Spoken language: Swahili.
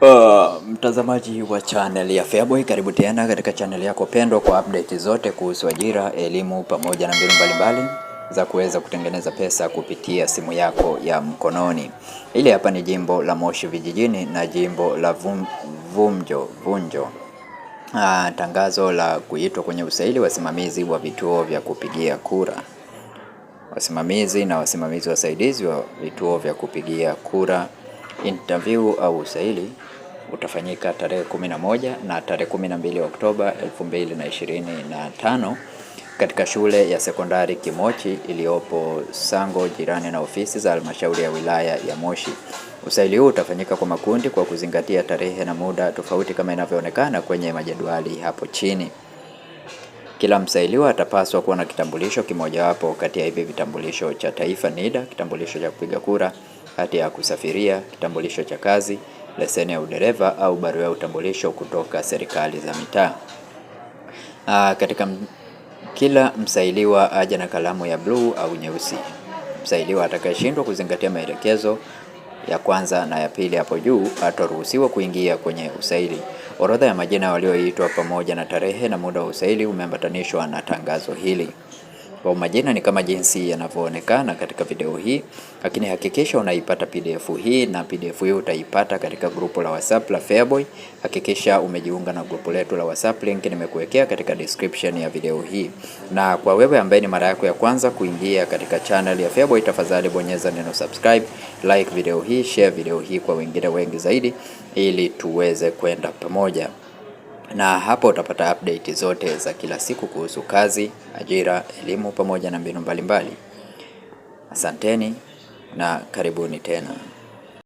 Uh, mtazamaji wa channel ya Feaboy, karibu tena katika channel yako pendwa kwa update zote kuhusu ajira, elimu pamoja na mbinu mbalimbali za kuweza kutengeneza pesa kupitia simu yako ya mkononi. Hili hapa ni jimbo la Moshi vijijini na jimbo la vum, vumjo vunjo. Uh, tangazo la kuitwa kwenye usaili wasimamizi wa vituo vya kupigia kura wasimamizi na wasimamizi wasaidizi wa vituo vya kupigia kura Interview au usaili utafanyika tarehe 11 na tarehe 12 Oktoba 2025 katika shule ya sekondari Kimochi iliyopo Sango, jirani na ofisi za halmashauri ya wilaya ya Moshi. Usaili huu utafanyika kwa makundi kwa kuzingatia tarehe na muda tofauti kama inavyoonekana kwenye majadwali hapo chini. Kila msailiwa atapaswa kuwa na kitambulisho kimojawapo kati ya hivi vitambulisho cha taifa NIDA, kitambulisho cha kupiga kura hati ya kusafiria, kitambulisho cha kazi, leseni ya udereva au barua ya utambulisho kutoka serikali za mitaa. Ah, katika kila msailiwa aje na kalamu ya bluu au nyeusi. Msailiwa atakayeshindwa kuzingatia maelekezo ya kwanza na ya pili hapo juu hataruhusiwa kuingia kwenye usaili. Orodha ya majina walioitwa pamoja na tarehe na muda wa usaili umeambatanishwa na tangazo hili. Kwa majina ni kama jinsi yanavyoonekana katika video hii, lakini hakikisha unaipata pdf hii, na pdf hii utaipata katika grupu la WhatsApp la Feaboy. Hakikisha umejiunga na grupu letu la WhatsApp, link nimekuwekea katika description ya video hii. Na kwa wewe ambaye ni mara yako ya kwanza kuingia katika channel ya Feaboy, tafadhali bonyeza neno subscribe, like video hii, share video hii kwa wengine wengi zaidi, ili tuweze kwenda pamoja na hapo utapata update zote za kila siku kuhusu kazi, ajira, elimu pamoja na mbinu mbalimbali. Asanteni na karibuni tena.